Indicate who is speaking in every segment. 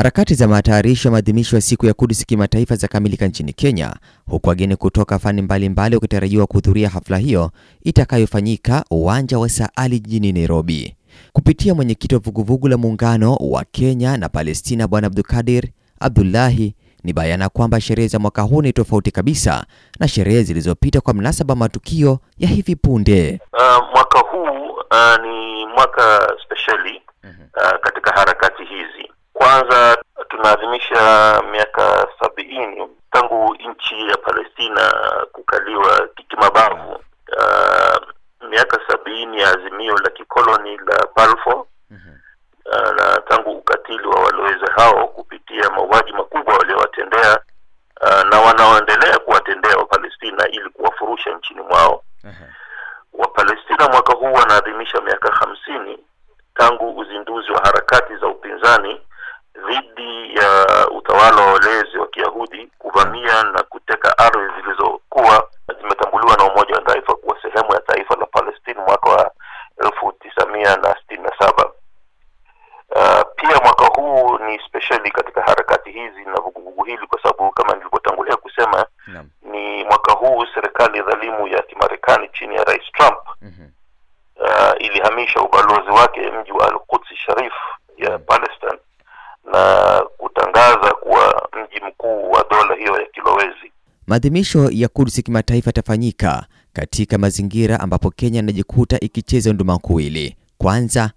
Speaker 1: Harakati za matayarisho ya maadhimisho ya siku ya kudisi kimataifa za kamilika nchini Kenya, huku wageni kutoka fani mbalimbali wakitarajiwa kuhudhuria hafla hiyo itakayofanyika uwanja wa Saali jijini Nairobi. Kupitia mwenyekiti wa vuguvugu la muungano wa Kenya na Palestina, Bwana Abdulkadir Abdullahi, ni bayana kwamba sherehe za mwaka huu ni tofauti kabisa na sherehe zilizopita kwa mnasaba matukio ya hivi punde. Uh, mwaka
Speaker 2: huu uh, ni mwaka speciali uh, katika harakati hizi kwanza tunaadhimisha miaka sabiini tangu nchi ya Palestina kukaliwa kimabavu. Uh, miaka sabiini ya azimio la kikoloni la Balfour uh, na tangu ukatili wa walowezi hao kupitia mauaji makubwa waliowatendea uh, na wanaoendelea kuwatendea Wapalestina ili kuwafurusha nchini mwao. Wapalestina mwaka huu wanaadhimisha miaka hamsini tangu uzinduzi wa harakati za upinzani dhidi ya utawala wa walezi wa Kiyahudi kuvamia na kuteka ardhi zilizokuwa zimetambuliwa na Umoja wa taifa kuwa sehemu ya taifa la Palestine mwaka wa elfu tisamia na sitini na saba. Uh, pia mwaka huu ni speciali katika harakati hizi na vuguvugu hili kwa sababu kama nilivyotangulia kusema no. ni mwaka huu serikali dhalimu ya Kimarekani chini ya Rais Trump mm -hmm. uh, ilihamisha ubalozi wake mji wa Al-Quds Sharif ya mhm. Palestine na kutangaza kuwa mji mkuu wa dola hiyo ya kilowezi.
Speaker 1: Maadhimisho ya Kudsi kimataifa yatafanyika katika mazingira ambapo Kenya inajikuta ikicheza kuwili. Kwanza,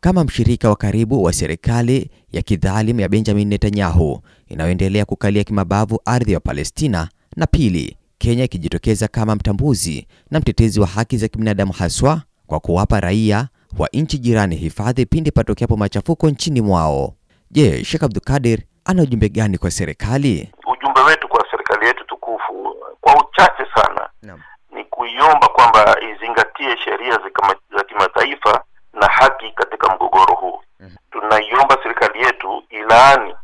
Speaker 1: kama mshirika wa karibu wa serikali ya kidhalimu ya Benjamin Netanyahu inayoendelea kukalia kimabavu ardhi ya Palestina, na pili, Kenya ikijitokeza kama mtambuzi na mtetezi wa haki za kibinadamu haswa kwa kuwapa raia wa nchi jirani hifadhi pindi patokeapo machafuko nchini mwao. Je, Sheikh Abdul Kadir ana ujumbe gani kwa serikali? Ujumbe wetu kwa serikali
Speaker 2: yetu tukufu kwa uchache sana Naam. ni kuiomba kwamba izingatie sheria za kimataifa na haki katika mgogoro huu. Mm-hmm. Tunaiomba serikali yetu ilaani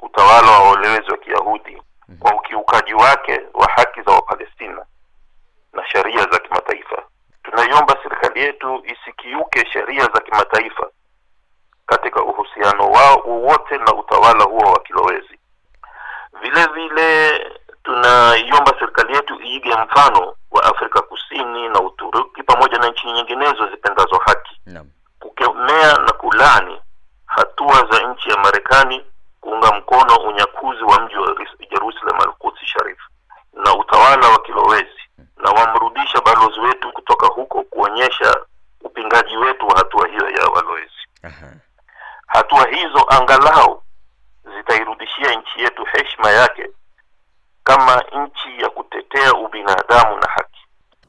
Speaker 2: utawala wa walowezi wa Kiyahudi mm-hmm. kwa ukiukaji wake wa haki za Wapalestina na sheria za kimataifa. Tunaiomba serikali yetu isikiuke sheria za kimataifa katika uhusiano wao wowote na utawala huo wa kilowezi. Vile vile tunaiomba serikali yetu iige mfano wa Afrika Kusini na Uturuki pamoja na nchi nyinginezo zipendazo haki no. kukemea na kulani hatua za nchi ya Marekani kuunga mkono unyakuzi wa mji wa Jerusalem al-Quds Sharif na utawala wa kilowezi na wamrudisha balozi wetu kutoka huko kuonyesha upingaji wetu wa hatua hiyo ya walowezi hatua hizo angalau zitairudishia nchi yetu heshima yake kama nchi ya kutetea ubinadamu
Speaker 1: na haki.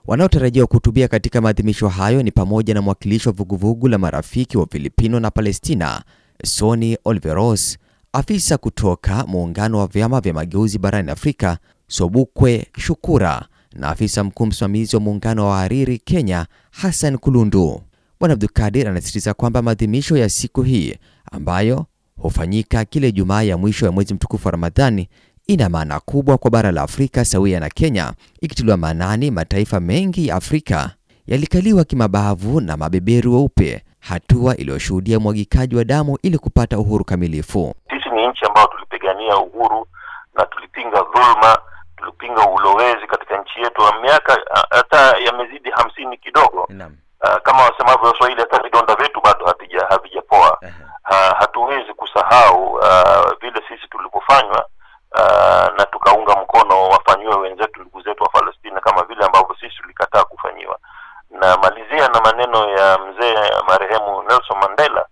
Speaker 1: Wanaotarajiwa kuhutubia katika maadhimisho hayo ni pamoja na mwakilishi wa vuguvugu la marafiki wa Filipino na Palestina, Soni Oliveros, afisa kutoka muungano wa vyama vya mageuzi barani Afrika, Sobukwe Shukura, na afisa mkuu msimamizi wa muungano wa wahariri Kenya, Hassan Kulundu. Bwana Abdulkadir anasisitiza kwamba maadhimisho ya siku hii ambayo hufanyika kila Ijumaa ya mwisho ya mwezi mtukufu wa Ramadhani ina maana kubwa kwa bara la Afrika sawia na Kenya, ikitiliwa maanani mataifa mengi ya Afrika yalikaliwa kimabavu na mabeberu weupe, hatua iliyoshuhudia mwagikaji wa damu ili kupata uhuru kamilifu. Sisi
Speaker 2: ni nchi ambayo tulipigania uhuru na tulipinga dhulma, tulipinga ulowezi katika nchi yetu, miaka hata yamezidi hamsini kidogo Inam. Ah, kama wasemavyo Waswahili, hata vidonda vyetu bado havija havijapoa. uh, hatuwezi kusahau uh, vile sisi tulivyofanywa uh, na tukaunga mkono wafanyiwe wenzetu, ndugu zetu wa Palestina, kama vile ambavyo sisi tulikataa kufanyiwa. malizia na maneno ya mzee marehemu Nelson Mandela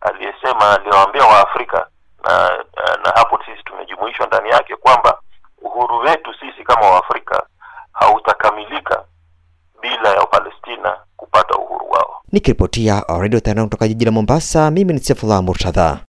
Speaker 2: aliyesema, aliwaambia Waafrika na, na hapo sisi tumejumuishwa ndani yake kwamba uhuru wetu sisi kama Waafrika hautakamilika bila ya Palestina kupata
Speaker 1: uhuru wao. Nikiripotia uh, Radio Tano kutoka jiji la Mombasa, mimi ni Sefula Murtadha.